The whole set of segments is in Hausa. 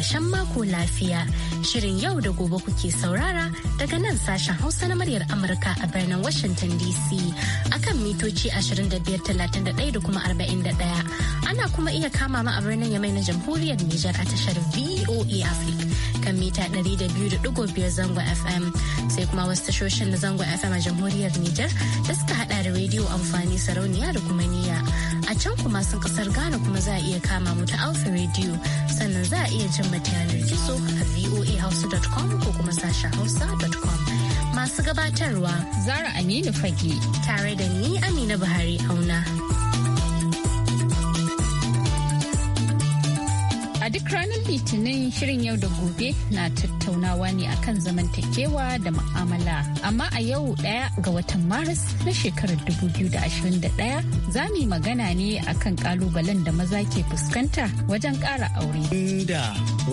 karshen mako lafiya. Shirin yau da gobe kuke saurara daga nan sashen Hausa na muryar Amurka a birnin Washington DC akan mitoci 2531 da kuma 41. Ana kuma iya kama ma a birnin Yamai na Jamhuriyar Nijar a tashar VOA e Africa kan mita 200.5 zango FM sai kuma wasu tashoshin na zango FM a Jamhuriyar Nijar da suka hada da rediyo amfani sarauniya da kuma niyya. a can kuma sun kasar Ghana kuma za a iya kama mu ta Alpha Radio sannan za a iya jin yanar gizo a voahouse.com ko kuma sashen hausa.com. Masu gabatarwa Zara Aminu Fage tare da ni Amina Buhari auna. litinin shirin yau da gobe na tattaunawa ne akan zamantakewa da ma'amala amma a yau daya ga watan maris na shekarar 2021 za mu magana ne akan kalubalen da maza ke fuskanta wajen kara aure inda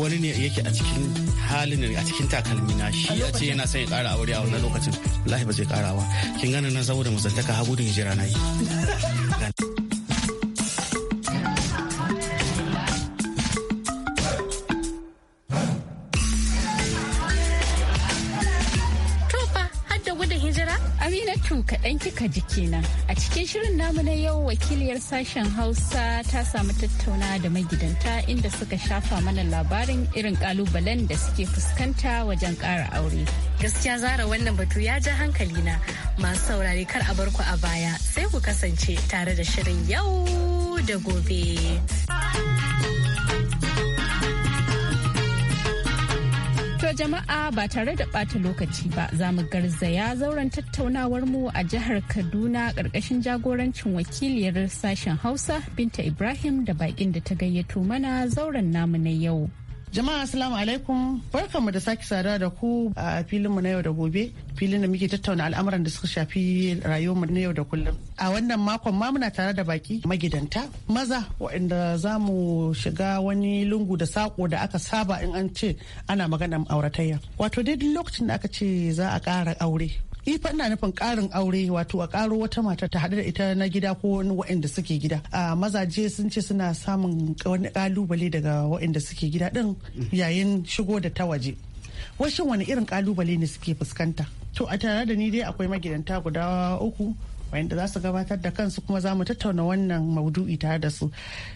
wani ne yake a cikin halin a cikin takalmi na shi ya ce yana son ya kara aure a wannan lokacin lahi ba zai karawa kin gane na saboda mazantaka hagu da hijira na yi tu kaɗan kika ji kenan. A cikin shirin namu na yau wakiliyar sashen Hausa ta samu tattauna da magidanta inda suka shafa mana labarin irin kalubalen da suke fuskanta wajen ƙara aure. Gaskiya zara wannan batu ya ja hankali na masu saurari kar a bar ku a baya sai ku kasance tare da shirin yau da gobe. jama'a ba tare da bata lokaci ba za mu garzaya zauren tattaunawar mu a jihar Kaduna ƙarƙashin jagorancin wakiliyar sashen Hausa Binta Ibrahim da baƙin da ta gayyato mana zauren namu na yau. Jama'a Assalamu alaikum mu da sake sada da ku a filinmu na yau da gobe filin da muke tattauna al'amuran da suka shafi rayuwarmu na yau da kullum. A wannan makon ma muna tare da baki magidanta maza waɗanda za mu shiga wani lungu da sako da aka saba in an ce ana maganar auratayya. Wato dai duk lokacin da aka ce za a ƙara aure ifa eh, ina nufin karin aure wato a karo wata mata ta haɗu da ita na gida ko wani waɗanda suke gida a mazaje sun ce suna samun wani kalubale daga waɗanda suke gida din yayin shigo da ta waje wasu wani irin kalubale ne suke fuskanta to a tare da ni dai akwai magidanta guda uku wanda za su gabatar da kansu kuma za mu tattauna wannan maudu'i tare da su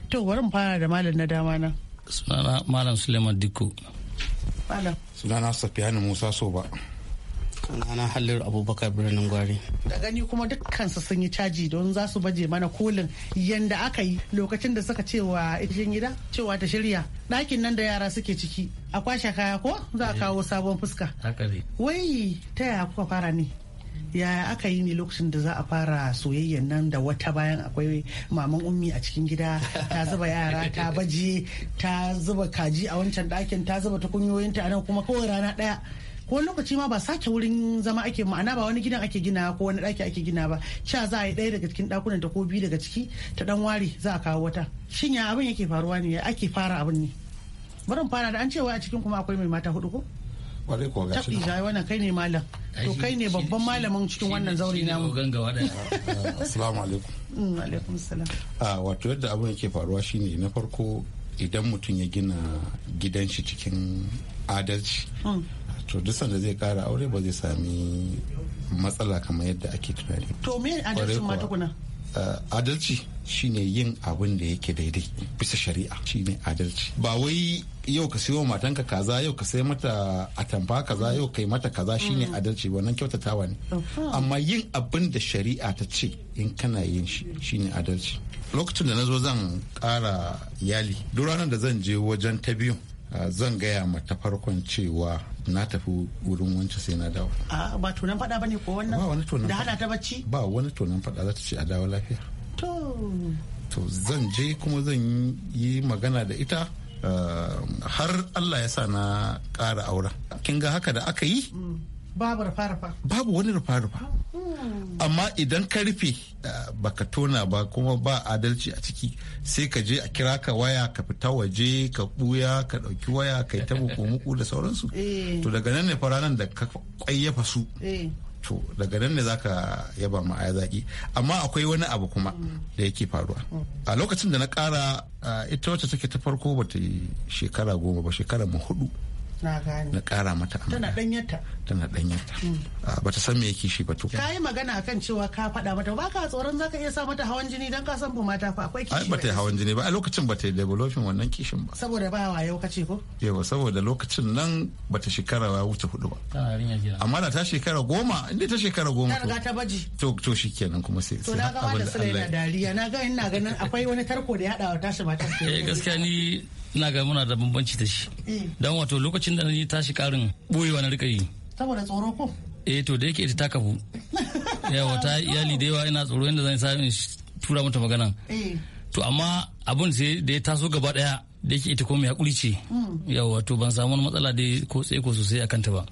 to bari mu fara da malam na dama na sunana malam suleiman dikko malam sunana safiyanu musa soba sunana halil abubakar birnin gwari da gani kuma su sun yi caji don za su baje mana kolin yanda aka yi lokacin da suka cewa itin gida cewa ta shirya ɗakin nan da yara suke ciki a kwashe kaya ko za a kawo sabon fuska wai ta yaya kuka fara ne ya aka yi ne lokacin da za a fara soyayyen nan da wata bayan akwai maman ummi a cikin gida ta zuba yara ta baje ta zuba kaji a wancan ɗakin ta zuba ta tukunyoyinta a nan kuma kawai rana ɗaya ko lokaci ma ba sake wurin zama ake ma'ana ba wani gidan ake gina ko wani ɗaki ake gina ba cewa za a yi ɗaya daga cikin ɗakunan ta ko biyu daga ciki ta ɗan ware za a kawo wata shin ya abin yake faruwa ne ake fara abin ne barin fara da an ce wai a cikin kuma akwai mai mata hudu ko kwarai ko ga wannan kai ne malam to kai ne babban malamin cikin wannan zauri namu ganga wadanda assalamu alaikum mm, alaikum salam a ah, wato yadda abin yake faruwa shine na farko idan mutum ya gina gidan shi cikin adalci mm. to duk sanda zai kara aure ba zai sami matsala kamar yadda ake tunani to me adalcin ma Uh, eh, adalci shine yin abin da yake daidai bisa shari'a shine adalci ba wai yau ka siyo matanka kaza yau ka sai mata atamfa kaza yau kai mata kaza shine mm. adalci wannan kyautatawa ne amma yin abin da shari'a ta ce in kana yin shi shine adalci lokacin da na zo zan kara iyali duk ranar da zan je wajen ta biyu Ah, zan gaya mata farkon cewa na tafi wurin wance sai na dawo. Ah, ba tunan fada ba ne ko wannan? Ba wani tunan Da hada ta bacci? Ba wani tunan fada za ta ce a dawo lafiya. To. To zan je kuma zan yi magana da ita ah, har Allah ya sa na ƙara aura. Kin ga haka da aka yi? Mm. Babu rufa-rufa. Babu wani rufa-rufa. amma idan ka rufe eh, baka tona ba kuma ba adalci a ciki sai ka je a kira ka waya ka fita waje ka buya ka dauki waya ka yi buku muku da sauransu eh. to daga nan ne nan da ka kwayyafa su eh. to daga nan ne zaka yaba ma aya zaki amma akwai wani abu kuma mm. da yake faruwa mm. a lokacin da na kara ita wacce take ta farko bata yi shekara goma ba shekara mu hudu na kara mata amana tana danyarta tana danyarta hmm. ah, bata san me yake shi ba to kai magana akan cewa ka faɗa mata ba ka tsoron zaka iya sa mata hawan jini dan ka san ba mata fa akwai kishi ai bata hawan jini ba a lokacin bata yi developing wannan kishin ba saboda ba wa yau kace ko yawa saboda lokacin nan bata shekara ya wuce hudu ba amma da ta shekara goma inda ta shekara goma ta riga ta baji to to shikenan kuma sai to na ga wanda sai na dariya na ga ina ganin akwai wani tarko da ya hada wa tashi mata eh gaskiya ni ina ga muna da bambanci da shi eh. don wato lokacin da na yi tashi karin boyewa na rika yi saboda tsoro ko eh to da yake ita ta kafu yawa ta iyali da yawa ina tsoro yadda zan sa in tura mata magana eh. to amma abun sai da ya taso gaba daya da yake ita komai hakuri ce mm. yawa to ban samu wani matsala dai ko ko sosai a kanta ba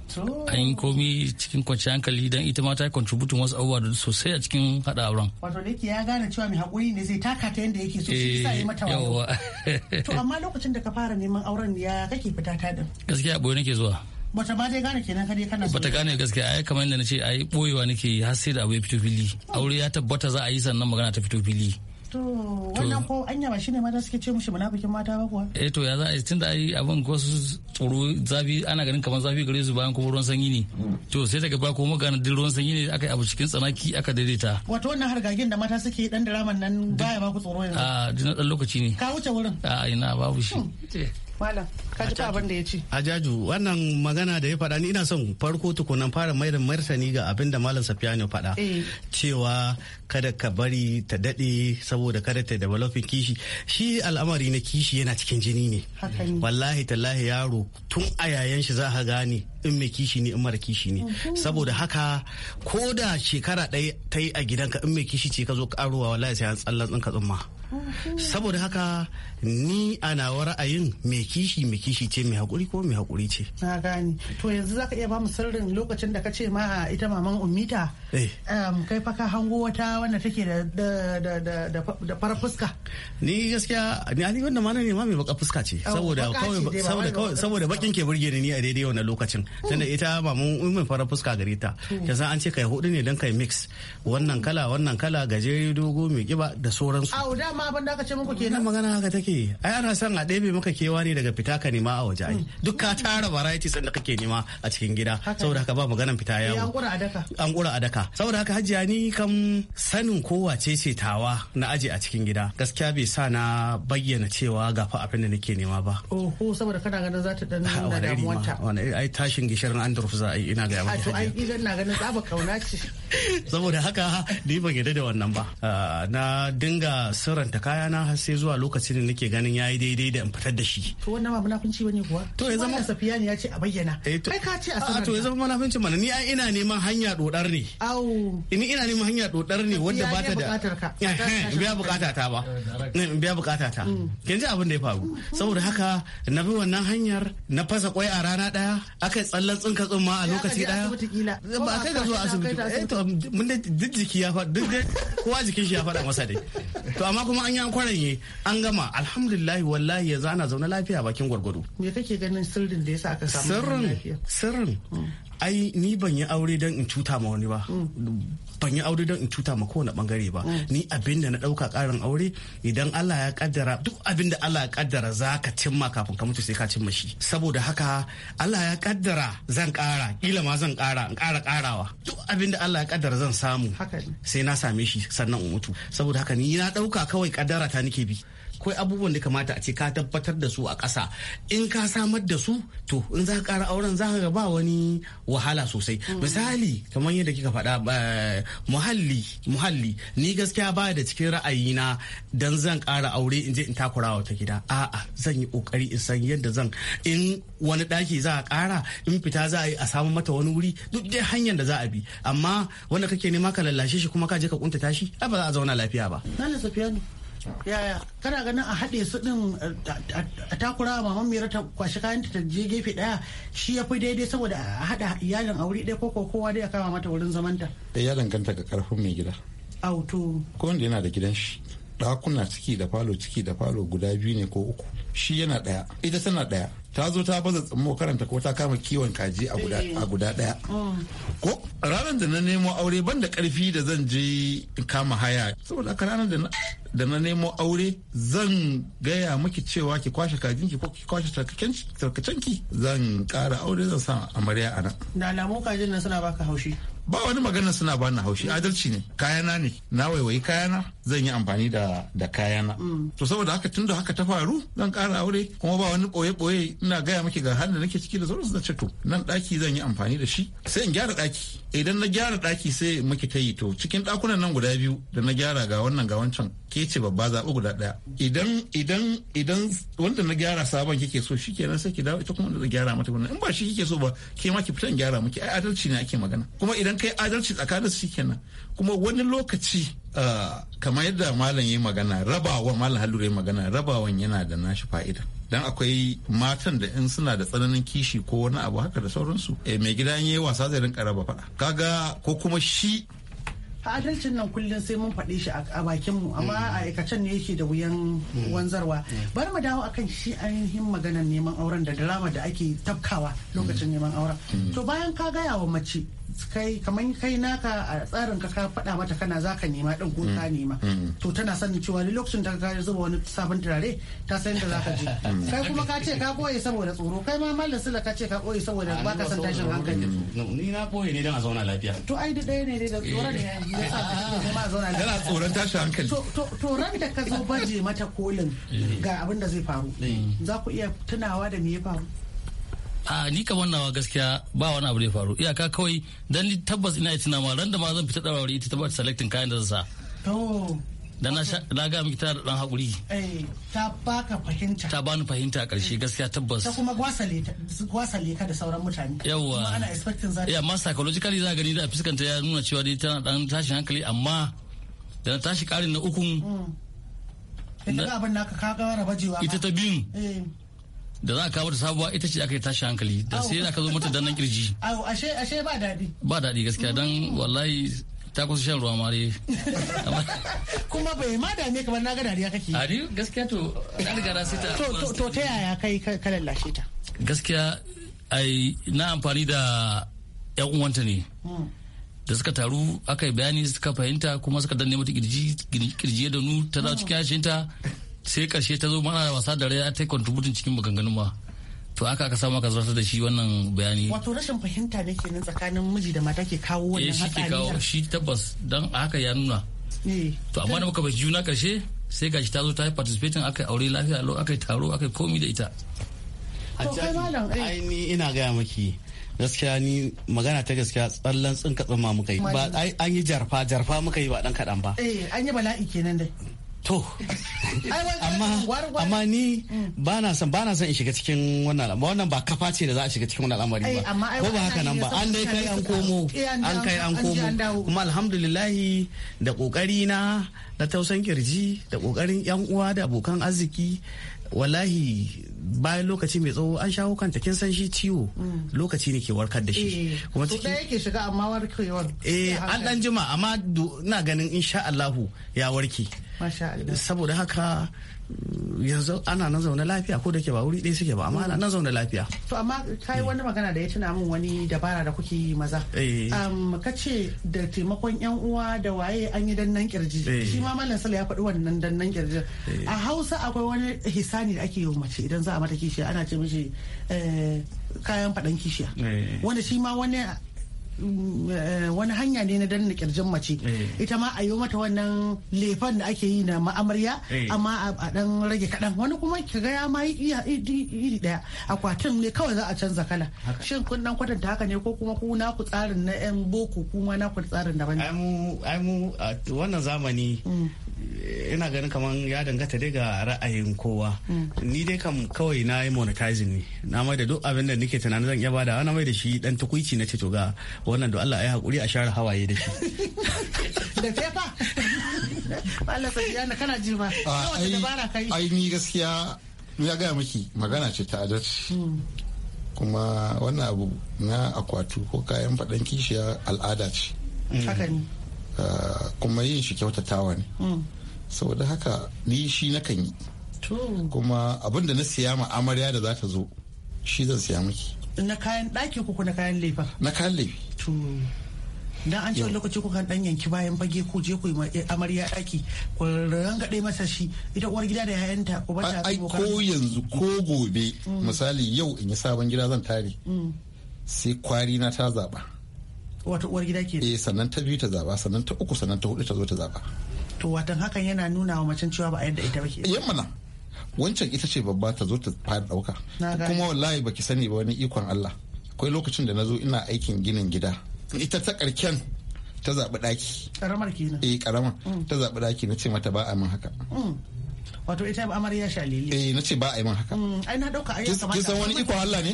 an yi komi cikin kwanci hankali dan ita ma ta yi contributin wasu abubuwa da sosai a cikin hada auren wato da yake ya gane cewa mai hakuri ne zai taka ta yadda yake so shi eh, sa yi mata wayo to amma lokacin da ka fara neman auren ya kake fita ta din gaskiya a boye nake zuwa bata ba dai gane kenan kare kana bata gane gaskiya ai kamar yadda nace ai boyewa nake har sai da abu ya fito fili oh. aure ya tabbata za a yi sannan magana ta fito fili to wannan ko anya ba shine mata suke ce mushi munafikin mata ba kuwa eh to ya za a tunda ai abin ko su tsoro zafi ana ganin kamar zafi gare su bayan kuma ruwan sanyi ne hmm. to sai daga ba ko muka din ruwan sanyi ne aka yi abu cikin tsanaki aka daidaita wato wannan hargagin da mata suke dan diraman nan baya ba ku tsoro yanzu a ah, dina dan lokaci ne ka wuce wurin a ah, ina babu shi hmm. malam ka ji abin da ya ce ajaju wannan magana da ya faɗa ni ina son farko tukunan fara mai martani ga abin da malam ne faɗa eh. cewa kada ka bari ta daɗe saboda kada ta developing kishi shi al'amari na kishi yana cikin jini ne wallahi tallahi yaro tun a yayan shi za ka gane in mai kishi ne in mara kishi ne saboda haka ko da shekara ɗaya ta yi a gidanka in mai kishi ce ka zo karuwa wallahi sai an tsallan tsinka tsumma saboda haka ni a nawa ra'ayin mai kishi mai kishi ce mai hakuri ko mai hakuri ce na gane to yanzu zaka iya ba mu sirrin lokacin da ka ce ma ita maman umita eh. um, kai faka ka hango wata wanda take da da fara fuska ni gaskiya ni ali wanda ma ne ma mai baka fuska ce saboda kawai saboda kawai saboda bakin ke burge ni a daidai wannan lokacin hmm. tunda ita ba mu mai fara fuska gare ta hmm. san an ce kai hudu ne dan kai mix wannan kala wannan kala gajeri dogo mai kiba da sauransu a da ma ban da aka ce muku kenan magana haka take ai ana son a ɗebe maka kewa ne daga fita ka nema a waje ai hmm. duk ka tara varieties da kake nema a cikin gida saboda haka ba maganan fita eh, yawo an kura a daka saboda haka hajiya ni kam sanin ko wace ce tawa na aje a cikin gida gaskiya bai sa na bayyana cewa ga fa abin da nake nema ba oh saboda kana ganin za ta dan nuna damuwanta wani ai tashin gishirin an za a yi ina ga maka to ai idan na ganin tsaba kauna ce saboda haka ni ban yarda da wannan ba ah, na dinga sirranta na har sai zuwa lokacin da nake ganin yayi daidai da in fitar da shi to wannan ba munafunci bane kuwa to ya zama safiya ne ya ce a bayyana kai eh, ka ce a to ya zama munafunci mana ni ai ina neman hanya dodar ne au ni ina neman hanya dodar ne Eh, wanda eh, eh, ba ta da biya bukata ta ba mm. biya bukata ta kin ji abin da ya faru saboda haka na bi wannan hanyar na fasa kwai a rana daya aka tsallan tsinka tsumma a lokaci daya ba kai ga zuwa asibiti eh to mun da duk jiki ya fa duk kowa jikin shi ya fada masa dai to amma kuma an yi an kwaranye an gama alhamdulillah wallahi ya zana zaune lafiya bakin gwargwado me kake ganin sirrin da yasa aka samu sirrin sirrin mm. ai ni ban yi aure don in cuta ma wani ba mm. ban yi aure don in cuta ma kowane bangare ba mm. ni abinda na dauka karin aure idan Allah ya kaddara duk abinda Allah ya kaddara za ka cimma kafin ka mutu sai ka cimma shi saboda haka Allah ya kaddara zan kara kila ma zan kara in kara karawa duk abinda Allah ya kaddara zan samu sai na same shi sannan in mutu saboda haka ni na dauka kawai kaddara ta nake bi akwai abubuwan da kamata a ce ka tabbatar da su a ƙasa in ka samar da su to in za ka ƙara auren za ka ba wani wahala sosai mm. misali kamar yadda kika faɗa muhalli muhalli ni gaskiya ba da cikin ra'ayina dan zan ƙara aure in je in takura wata gida a'a zan yi ƙoƙari in san yadda zan in wani ɗaki za a ƙara in fita za a yi a samu mata wani wuri duk dai hanyar da za a bi amma wanda kake nema ka lallashe shi kuma ka je ka kuntata shi ba za a zauna lafiya ba. Safiyanu. yaya kana ganin a haɗe su ɗin a takura maman mera ta kwashi kayan ta je gefe ɗaya shi ya fi daidai saboda a haɗa iyalin a wuri ɗaya ko kowa dai a kama mata wurin zamanta. da eh, ya danganta ga ƙarfin mai gida. auto. ko wanda yana da gidan shi ɗakuna ciki da falo ciki da falo guda biyu ne ko uku shi yana ɗaya ita tana ɗaya ta zo ta baza tsammo karanta ko ta kama kiwon kaji a guda eh. daya oh. ko ranar da na nemo aure ban da karfi da zan je kama haya saboda ka ranar da na nemo aure zan gaya maki cewa ki kwashe kajinki ko ki kwashe tarkacenki zan kara aure zan sa amarya a nan da alamu kajin nan suna baka haushi ba wani magana suna bani haushi adalci ne kayana ne na waiwayi kayana zan yi amfani da kayana mm. to saboda haka tun da haka ta faru zan kara aure kuma ba wani boye boye ina gaya miki ga har da nake ciki da sauransu na ce nan daki zan yi amfani da shi sai in gyara daki idan na gyara daki sai muke ta yi to cikin dakunan nan guda biyu da na gyara ga wannan ga wancan ke ce babba zaɓi guda ɗaya idan idan idan wanda na gyara sabon kike so shi kenan sai ki dawo ita kuma da gyara mata wannan in ba shi kike so ba ke ma ki fitan gyara miki ai adalci ne ake magana kuma idan kai adalci tsakanin su kenan kuma wani lokaci kamar yadda malam yayi magana rabawa malam halluru yayi magana rabawan yana da nashi fa'ida dan akwai matan da in suna da tsananin kishi ko wani abu haka da sauransu eh mai gida ya yi wasa zai rinka raba faɗa kaga ko kuma shi A adalcin nan kullum sai mun faɗe shi a bakin mu amma a aikacen ne yake da wuyan wanzarwa Bar mu dawo akan shi ainihin maganar neman auren da drama da ake tafkawa lokacin neman auren hmm. to bayan ka gaya wa mace kai kamar kai naka a tsarin ka ka faɗa mata kana za ka nema ɗin ko ka mm. nema mm. to tana sanin cewa ni lokacin da ka zuba wani sabon turare ta san da za ka je mm. kai kuma ka ce ka boye saboda tsoro kai ma mallan sula ka ce ka boye saboda ah, ba ka san tashin hankali ni na boye ne dan a zauna lafiya to ai da ɗaya ne dai da tsoron ne ya sa ma a zauna lafiya yana tsoron tashin hankali to ran da ka zo baje mata kolin eh. ga abin da zai faru eh. za ku iya tunawa da me ya faru a ni kamar nawa gaskiya ba wani abu da faru iyaka kawai dan ni tabbas ina tuna ma ran ma zan fita da ita ta selecting kayan da zan sa da na ga miki tana da dan hakuri eh, ta baka fahimta ta bani fahimta karshe gaskiya tabbas ta kuma gwasale gwasale ka da sauran mutane yawa ana expecting za ya ma psychologically za gani da fiskanta ya nuna cewa dai tana dan tashin hankali amma da na tashi karin na ukun mm. ita abin naka rabajewa ita ta biyun eh. da za ka kawo da sabuwa ita ce aka yi tashi hankali da sai za ka zo mata dannan nan kirji ashe ashe ba daɗi ba daɗi gaskiya dan wallahi ta kusa shan ruwa mare kuma bai ma me kamar na ga dariya kake a gaskiya to na riga na sita to ta yaya kai ka lallashe ta gaskiya ai na amfani da yan uwanta ne hmm. da suka taru aka yi bayani suka fahimta kuma suka danne mata kirji kirji da nu ta za cikin hmm. ta sai karshe ta zo mana wasa da rai ta contributing cikin maganganun ma to aka aka samu aka zartar da shi wannan bayani wato rashin fahimta ne kenan tsakanin miji da mata ke kawo wannan hatsari eh, shi ke kawo shi tabbas dan haka ya nuna eh. to amma da muka bai juna karshe sai gashi ta zo ta yi participating aka aure lafiya lo aka taro aka komi da ita eh. ai ina gaya maki gaskiya ni magana ta gaskiya tsallan tsinka tsumma muka yi ba an yi jarfa jarfa muka yi ba dan kadan ba eh an yi bala'i kenan dai to amma ni ba na son ba na son in shiga cikin wannan al'amari wannan ba kafa ce da za a shiga cikin wannan al'amari ba eh, ko ba haka nan ba an dai kai an komo eh, an kai an komo kuma alhamdulillahi da kokari na na tausan kirji da kokarin yan uwa da abokan arziki wallahi bayan lokaci mai tsawo an shawo kanta kin san shi ciwo mm. lokaci ne ke warkar da shi eh, kuma cikin yake shiga amma warkewar eh an dan jima amma ina ganin insha Allahu ya warke saboda haka mm, yanzu ana nan zaune lafiya ko da ke ba wuri ɗaya suke ba amma ana nan zaune lafiya to amma yi wani magana da ya tuna min wani dabara da kuke yi maza eh. ka ce da taimakon yan uwa da waye an yi dannan kirji eh. shi ma mallam sala ya faɗi wannan dannan kirji eh. a hausa akwai wani hisani da ake yi mace idan za a mata kishiya ana ce mishi kayan faɗan kishiya wanda shi ma wani Eh, wani hanya ne na danna kirjin mace eh. ita ma a yi mata wannan lefan da ake yi na ma'amarya eh. amma a dan rage kaɗan wani kuma ki ga ya ma iri daya akwatin ne kawai za a canza kala shin kun dan kwatanta haka ne ko kuma ku ku tsarin na yan boko kuma na ku tsarin daban ai mu wannan zamani mm. ina ganin kamar ya danganta dai ga ra'ayin kowa mm. ni dai kam kawai na yi monetizing ne na mai da duk abin da nake tunanin zan iya bada na mai da shi dan tukuici na ce to ga wannan da Allah ya hakuri a share hawaye da shi da fefa Allah sai kana ji ba dabara kai ai ni gaskiya ya ga miki magana ce ta adalci mm. kuma wannan abu na akwatu ko kayan faɗan kishiya al'ada ce kuma yin shi kyautatawa ne mm. saboda haka ni shi na kan yi kuma abin da na siya ma amarya da za ta zo shi zan siya miki na kayan ɗaki ko na kayan lefa na kayan laifi dan an ce lokaci kuka dan yanki bayan fage ko je ku yi eh, amarya daki ku dai masa shi ita uwar gida da yayanta ko ba ta ai ko yanzu ko gobe mm. misali yau in yi sabon gida zan tare mm. sai kwari na ta zaba wata uwar gida ke eh sannan ta biyu ta zaba sannan ta uku sannan ta hudu ta zo ta zaba to watan hakan yana nuna wa macen cewa ba a yadda ita ba ke eh, mana. wancan ita ce babba ta zo ta fara dauka kuma wallahi baki sani ba wani ikon Allah akwai lokacin da nazo ina aikin ginin gida ita ta karken ta zaɓi ɗaki karamar kenan eh karamar mm. ta zaɓi ɗaki na ce mata ba a min haka mm. wato ita amarya shalili eh na ce ba a yi min haka mm. ai na dauka ai kamar Ki san wani ikon Allah ne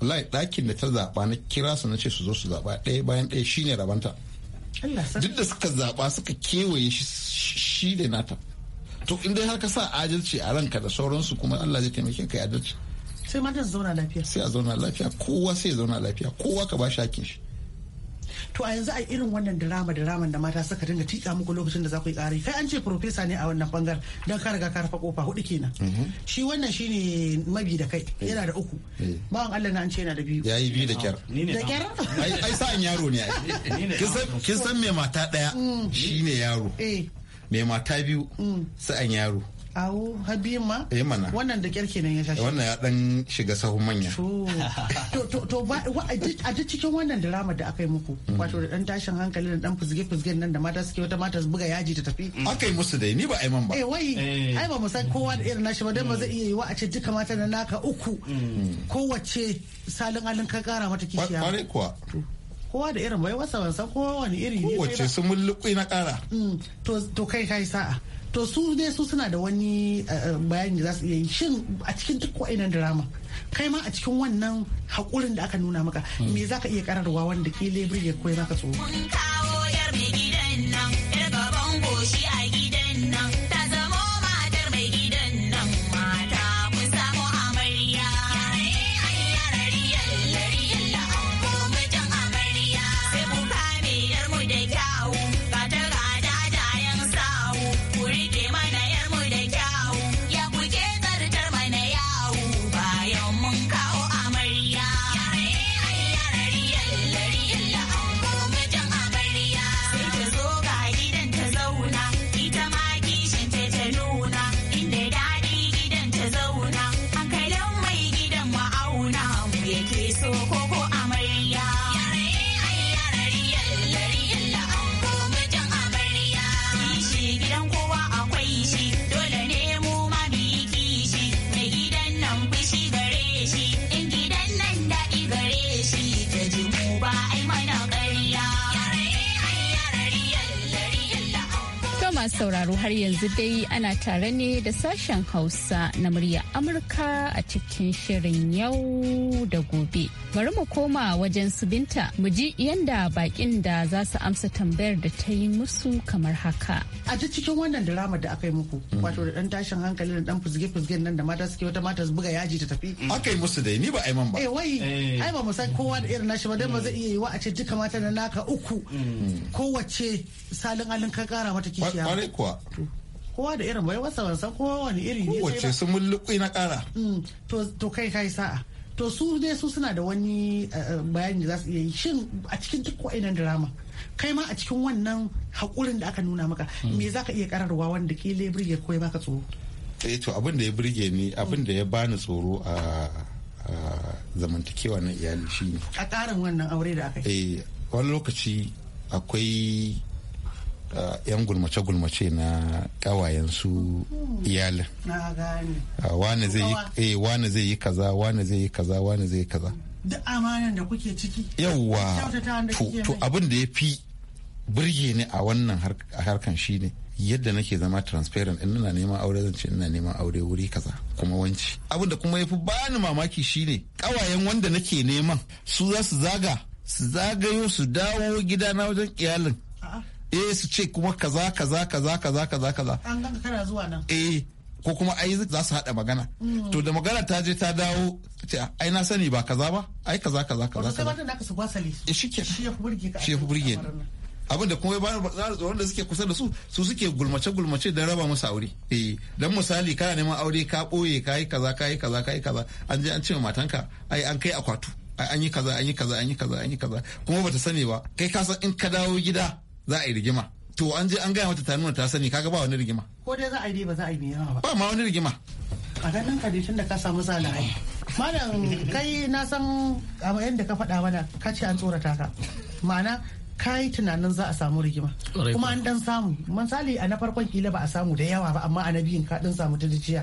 wallahi ɗakin da ta zaɓa na kira su na ce su zo su zaɓa ɗaya bayan ɗaya shine rabanta duk da suka zaɓa suka kewaye shi da nata to in dai har ka sa adalci a ranka da sauransu kuma Allah zai taimake ka adalci sai zauna lafiya sai a zauna lafiya kowa sai ya zauna lafiya kowa ka ba shi hakin shi to a yanzu a irin wannan drama drama da mata suka dinga tika muku lokacin da za ku yi ƙari kai an ce profesa ne a wannan bangar don ka riga ka rufe kofa hudu kenan mhm. shi wannan shine mabi da kai eh. yana da uku eh. bawan Allah na an ce yana da biyu yayi biyu da kyar da kyar ai sa'an yaro ne kin san me mata daya mm. shine yaro eh. me mata biyu mm. sa'an yaro awo habima eh, wannan da kyarke ne ya tashi wannan ya dan shiga sahun manya to a duk cikin wannan drama da aka yi muku hmm. wato da dan tashin hankali da dan fuzge fuzgen nan da mata suke wata mata su buga yaji ta tafi hmm. aka yi musu dai ni ba ai man ba eh wai eh. ai ba mu san kowa da irin nashi ba dan ba zai iya yiwa a ce duka mata na naka uku hmm. kowace salin alin ka kara mata kishiya kwarai kuwa kowa da irin bai wasa wasa kowa wani iri ne kowace sun mulluƙi na kara to kai kai sa'a to su ne su suna da wani eh, eh, bayani za su iya yi shin a cikin duk wa'inan drama kai ma a cikin wannan haƙurin da aka nuna maka me za ka iya kararwa wanda ke lebur ya koya maka tsoro har yanzu dai ana tare ne da sashen Hausa na murya Amurka a cikin shirin yau da gobe bari mu koma wajen su binta mu ji yanda bakin da za su amsa tambayar da ta yi musu kamar haka. A duk cikin wannan drama da aka yi muku mm. wato da dan tashin hankali da dan fuzge-fuzgen nan da mata suke wata mata su buga yaji ta tafi. Aka yi musu da ni ba a yi man ba. Eh wai eh. ai ba mu san kowa da irin nashi ba dan ba zai iya wa a ce duka mata na naka uku mm. kowace salin alin ka kara mata kishiya. Kwarai kuwa. kowa da irin bai wasa ban kowa wani iri ne. Kowace sun mulluƙi na kara. Mm, to kai kai sa'a. to su dai su suna da wani eh, eh, bayani da za su iya yi shin a cikin duk wa'inan drama kai ma a cikin wannan haƙurin da aka nuna maka hmm. me za ka iya kararwa wanda kila ya birge ko ya baka tsoro eh to abin da ya birge ni hmm. abin da ya bani tsoro a zamantakewa na iyali shine a ƙarin wannan aure da aka yi eh wani lokaci akwai Uh, yan gulmace-gulmace na kawayensu iyalin uh, eh, wane zai yi kaza wane zai yi kaza wane zai yi kaza duk amanan da kuke ciki yawwa to abin da ya fi birge ni a wannan harkan shi ne yadda nake zama transparent in na neman aure zan ce ina neman aure wuri kaza kuma wanci abin da kuma ya fi bani mamaki shi ne. kawayen wanda nake neman su za su zaga su zagayo su dawo gidana wajen iyalin eh su ce kuma kaza kaza kaza kaza kaza kaza an ganka kana zuwa nan eh ko kuma ai za su haɗa magana mm. to da magana ta je ta dawo ce ai na sani ba kaza ba ai kaza kaza kaza kaza wato naka su gwasale eh, shi ke shi ya burge ka shi ya burge abin da kuma bayan wanda suke kusa da su su suke gulmace gulmace don raba musu aure eh dan misali kana neman aure ka boye yi kaza ka yi kaza ka yi kaza an je an ce matanka ai an kai akwatu an yi kaza an yi kaza an yi kaza an yi kaza kuma bata sani ba kai ka san in ka dawo gida za a yi rigima to an je an gaya mata ta nuna ta sani kaga ba wani rigima ko dai za a yi dai ba za a yi ba ba ma wani rigima a ganin ka tun da ka samu ai malam kai na san abu yadda ka faɗa mana ka ce an tsorata ka ma'ana kayi tunanin za a samu rigima kuma an dan samu misali a na farkon kila ba a samu da yawa ba amma a na biyun ka dan samu jiya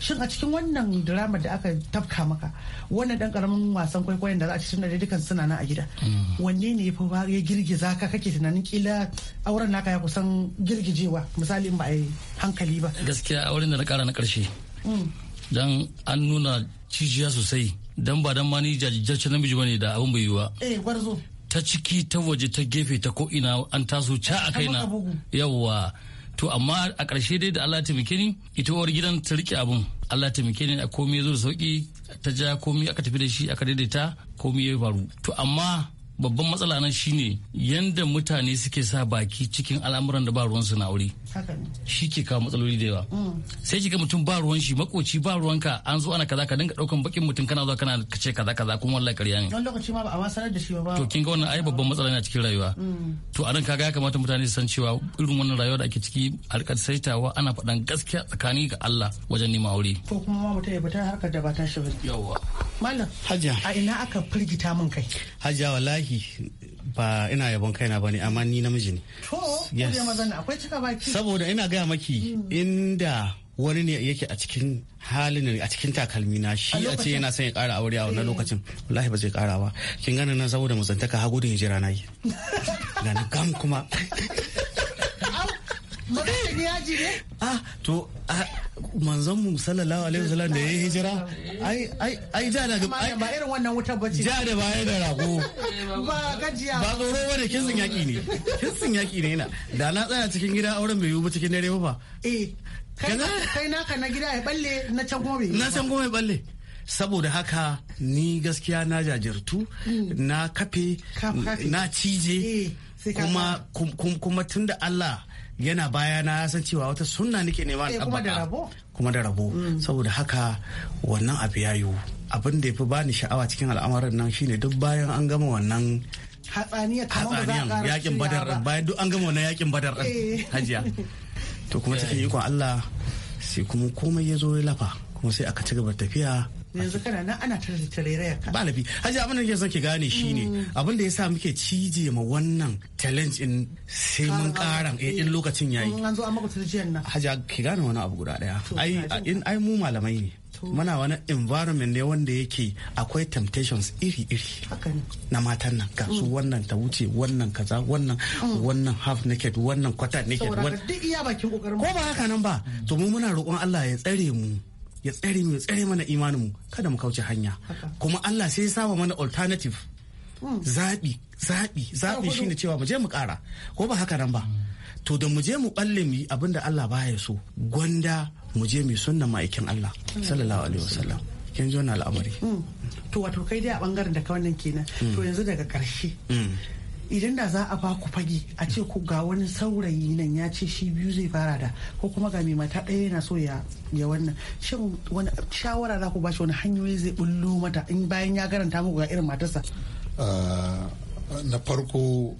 shin a cikin wannan drama da aka tafka maka wannan dan karamin wasan kwaikwayon da za a ci tunda dukkan suna nan a gida mm. wanne ne ya fi ya girgiza ka kake tunanin kila auren naka ya kusan girgijewa misali in ba a yi hankali ba gaskiya auren da na kara na karshe mm. dan an nuna cijiya sosai dan ba dan ma ni jajjacce namiji bane da abin bai yi ba eh gwarzo ta ciki ta waje ta gefe ta ko ina an taso ca a na yawwa to amma a ƙarshe dai da Allah taimake ni ita uwar gidan ta rike abun Allah taimake ni a komai zo da sauki ta ja komai aka tafi da shi aka daidaita komai ya faru to amma babban matsala nan shine yanda mutane suke sa baki cikin al'amuran da ba ruwan su na aure shi ke kawo matsaloli da yawa mm. sai ga mutum ba ruwan shi makoci ba ka an zo ana kaza ka dinga daukan bakin mutum kana zuwa kana kace kaza kaza kuma wallahi ƙarya ne wani lokaci ma ba a ma sanar da shi ba to kin ga wannan ai babban matsala ne a cikin rayuwa mm. to anan kaga ya kamata mutane su san cewa irin wannan rayuwa da ake ciki alƙar saitawa ana faɗan gaskiya tsakani ga Allah wajen neman aure ko kuma ma mutum ya fita harkar da ba ta shi ba yawa malam hajiya a ina aka firgita min kai hajja wallahi wallahi ba ina yabon kaina ba ne amma ni namiji ne. To, akwai cika baki. Saboda ina gaya maki mm. inda wani ne yake a cikin halin a cikin takalmi na shi a ce yana son ya kara aure a wannan eh. lokacin wallahi ba zai kara ba kin gane nan saboda musantaka ha gudun hijira na yi gani gam kuma Magana ni yaji ne? Ah, to ah, manzon mu sallallahu alaihi wasallam da ya hijira ai ai ai da daga ba irin wannan wutar bace da Ba baya da rago ba gajiya ba tsoro bane kinsin yaki ne kinsin yaki ne yana da na tsaya cikin gida auren bai yiwu ba cikin dare ba eh kai naka na gida ya balle na can gome na can gome balle saboda haka ni gaskiya na jajirtu hmm. na kafe na cije eh, kuma kuma tun da Allah yana baya na san cewa wata sunna nake nema na eh, kuma da rabo kuma da rabo mm. saboda haka wannan abu ya yiwu abin da ya fi bani sha'awa cikin al'amarin nan shine duk bayan an gama wannan hatsaniya kamar ba za a yakin badar bayan duk an gama wannan yakin badar eh. hajiya to kuma cikin ikon Allah sai kuma komai ya zo ya lafa kuma sai aka ci gaba tafiya yanzu kana nan ana tare da ka ba lafi haji abin da ke son ki gane shine mm. abin da yasa muke cije ma wannan talent in sai mun karan eh, in eh. lokacin yayi an zo an maka tarjiyan nan haji ki gane wani abu guda daya ai in ai mu malamai ne Mana wani environment ne wanda yake akwai temptations iri-iri na matan nan ga su mm. wannan ta wuce wannan kaza wannan mm. wannan half naked wannan quarter naked ko ba haka nan ba to mu muna roƙon Allah ya tsare mu ya tsare mu ya tsare mana imanin mu kada mu kauce hanya kuma Allah sai ya saba mana alternative hmm. zaɓi zaɓi zaɓi shine cewa mu je mu kara ko ba haka nan ba to da mu je mu balle mu abinda abin da Allah baya so gwanda mu je mu sunna ma'aikin Allah hmm. sallallahu alaihi wasallam kin ji wannan al'amari hmm. to wato kai dai a bangaren da ka wannan kenan to yanzu daga ƙarshe idan da za a ba ku fage a ce ku ga wani saurayi nan ya ce shi biyu zai fara da ko kuma ga mai mata ɗaya yana so ya ya wannan shin wani shawara za ku ba shi wani hanyoyi zai bullo mata in bayan ya garanta muku ga irin matarsa ah, na farko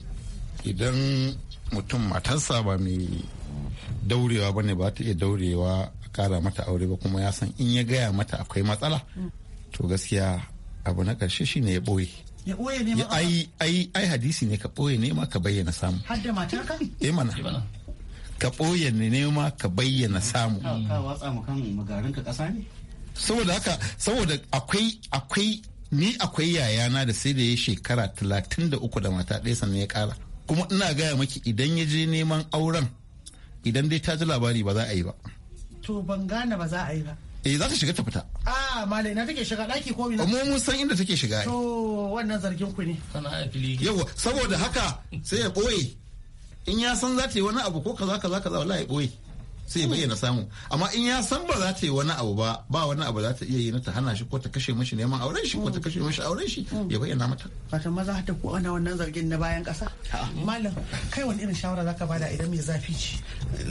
idan mutum matarsa ba mai daurewa ba ne ba ta iya daurewa a kara mata aure ba kuma ya san in ya gaya mata akwai matsala to gaskiya abu na ƙarshe ne ya ɓoye ya ɓoye ne ai ai ai hadisi ne ka ɓoye nema ma ka bayyana samu har da ka. eh mana ka ɓoye nema ka bayyana samu ka watsa mu kan magarin ka ƙasa ne saboda haka saboda akwai akwai ni akwai yayana da sai da ya shekara talatin da uku da mata ɗaya sannan ya ƙara kuma ina gaya maki idan ya je neman auren idan dai ta ji labari ba za a yi ba to ban gane ba za a yi ba eh za ta shiga ta fita a ah, malai na take shiga daki ko ina mu mun san inda take shiga to wannan zargin ku ne sana'a fili yawa saboda haka sai ya boye in ya san za ta yi wani abu ko kaza kaza kaza wallahi ya boye sai bayyana samu amma in ya san ba za ta yi wani abu ba ba wani abu za ta iya yi na ta hana shi ko ta kashe mashi neman auren shi ko ta kashe mashi auren shi mm. ya bayyana mata wato maza ta ko ana wannan zargin na bayan kasa malam kai wani irin shawara zaka bada idan mai zafi ce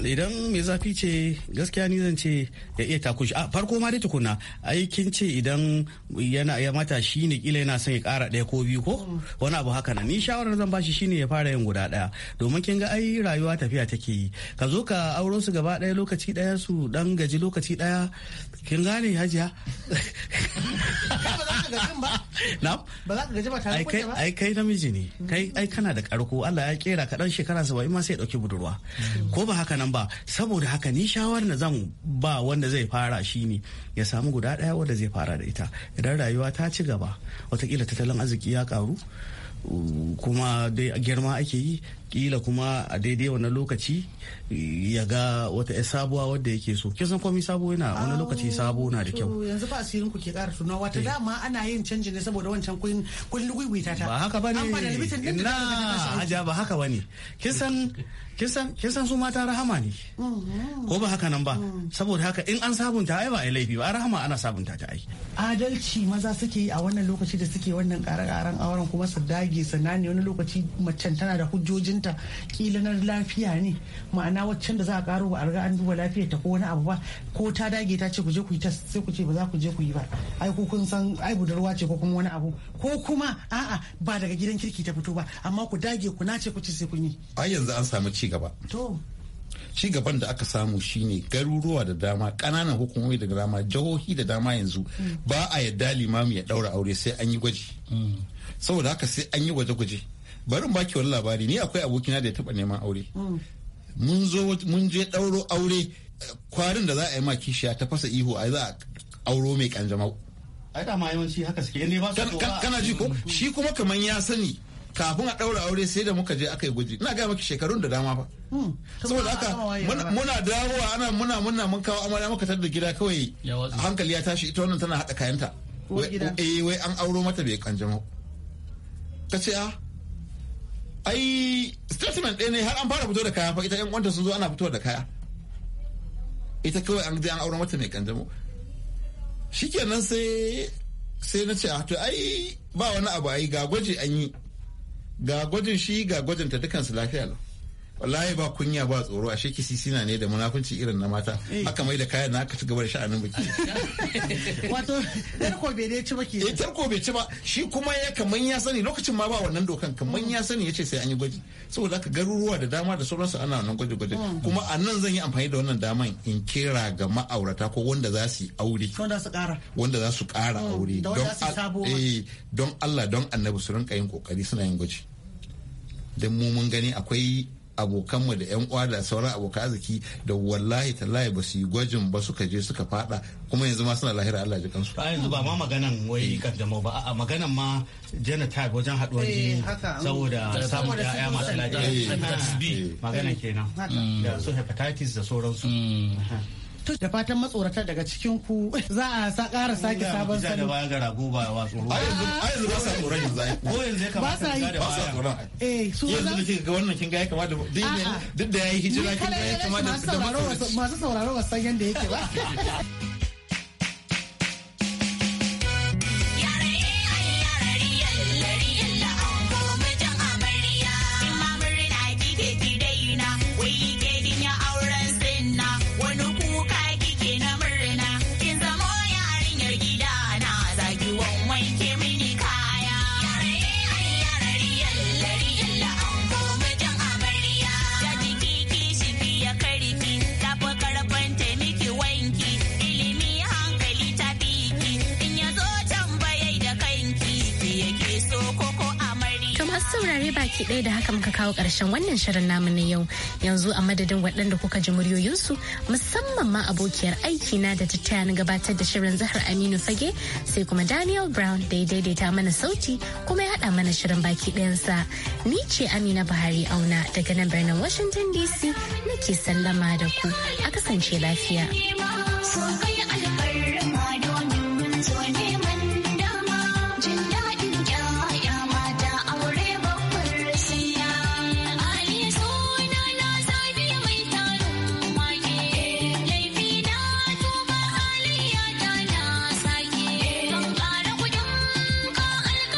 idan mai zafi ce gaskiya ni zan ce ya iya tako a farko ma dai tukuna ai kin ce idan yana ya mata shi ne kila yana son ya kara daya ko biyu ko mm. wani abu haka na ni shawarar zan bashi shine ya fara yin guda daya domin kin ga ai rayuwa tafiya take yi ka zo ka auro su gaba daya ɗaya lokaci ɗaya su dan gaji lokaci ɗaya kin gane hajiya ba ai kai namiji ne kai ai kana da karko Allah ya kera ka dan shekara saba ma sai ya dauki budurwa hmm. ko ba haka nan ba saboda haka ni shawar na zan ba wanda zai fara shi ne ya samu guda ɗaya wanda zai fara da ita idan rayuwa ta ci gaba watakila tattalin arziki ya karu kuma dai girma ake yi kila kuma a daidai wani lokaci ya ga wata ya sabuwa wadda yake so kin san komai sabo yana wani lokaci sabo na da kyau yanzu ba asirin ku ke ƙara tunawa wata eh. dama ana yin canji ne saboda wancan kun kun lugwita ta ba haka bane na haja ba haka bane kin san kin san kin san su mata rahama ne mhm. ko ba haka nan ba mhm. saboda haka in an sabunta ai ba ai laifi ba rahama ana sabunta ta ai adalci maza suke yi a wannan lokaci da suke wannan ƙare-ƙaren auren kuma su dage sana ne wani lokaci macen tana da hujjojin ta kila na lafiya ne ma'ana waccan da za a karo a riga an duba lafiyar ta ko wani abu ba ko ta dage ta ce ku je ku yi test sai ku ce ba za ku je ku yi ba ai ku kun san ai budurwa ce ko kuma wani abu ko kuma a'a ba daga gidan kirki ta fito ba amma ku dage ku ce ku ce sai kun yi ai yanzu an samu ci gaba to ci gaban da aka samu shine garuruwa da dama kananan hukumomi da dama jihohi da dama yanzu mm. ba a yadda limami ya daura aure sai an yi gwaji mm. saboda haka sai an yi gwaje-gwaje barin baki wani labari ni akwai abokina da ya taba neman aure mm. mun zo mun je ɗauro aure kwarin da za a yi ma kishiya ta fasa ihu a za a auro mai kanjamau ai da ma yawanci haka suke ne ba su kana ji ko mm. shi kuma kaman ya sani kafin a daura aure sai da muka je aka yi guji ina gaya maki shekarun da dama fa mm. saboda haka muna dawowa ana muna muna mun kawo amarya muka tar da gida kawai hankali ya tashi ita wannan tana hada kayanta eh, wai an auro mata bai kanjamau ta ce a ah, ai statement ɗaya ne har an fara fito da kaya fa ita yan uwanta sun zo ana fito da kaya ita kawai an an auren wata mai kanjamo shikenan sai sai na ce a ah, to ai ba wani abu ai ga gwaji an yi ga gwajin shi ga gwajin ta dukansu lafiya lau wallahi ba kunya ba tsoro a sheki sisina ne da munafunci irin na mata eh. aka mai da kayan na aka ci gaba da sha'anin biki wato tarko bai ne ci ba ke eh, tarko bai ci ba shi kuma ya kaman ya sani lokacin ma ba wannan dokan kaman ya sani ya ce sai an yi gwaji saboda aka garuruwa da dama da sauransu ana wannan gwaji gwaji hmm. kuma a nan zan yi amfani da wannan daman in kira ga ma'aurata ko wanda za su yi aure wanda za su kara hmm. aure eh, don Allah don annabi su rinka yin kokari suna yin gwaji don mu mun gani akwai abokanmu da yan uwa da sauran abokan arziki da wallahi tallahi ba su yi gwajin ba suka je suka fada kuma yanzu ma suna lahira Allah ji kansu a yanzu ba ma maganan wai eh. jama'a ba a maganan ma genotype wajen haduwar eh, jini saboda samun ya'ya masu lafiya eh. maganan kenan da su hepatitis da sauransu mm. to da fatan matsorata daga cikin ku za a sa ƙara sake sabon salo ba ga rago ba wa tsoro ai yanzu ba sa yanzu ko yanzu ya kamata ba ba sa eh su yanzu da kika ga wannan kin ga ya kamata duk da yayi hijira kin ga ya kamata da masu sauraro ba san yanda yake ba baki ɗaya da haka muka kawo ƙarshen wannan shirin namu na yau yanzu a madadin waɗanda kuka ji muryoyinsu musamman ma abokiyar aiki na da tattaya na gabatar da shirin zahar aminu fage sai kuma daniel brown da ya daidaita mana sauti kuma ya haɗa mana shirin baki ɗayansa ni ce amina buhari auna daga nan birnin washington dc nake sallama da ku a kasance lafiya.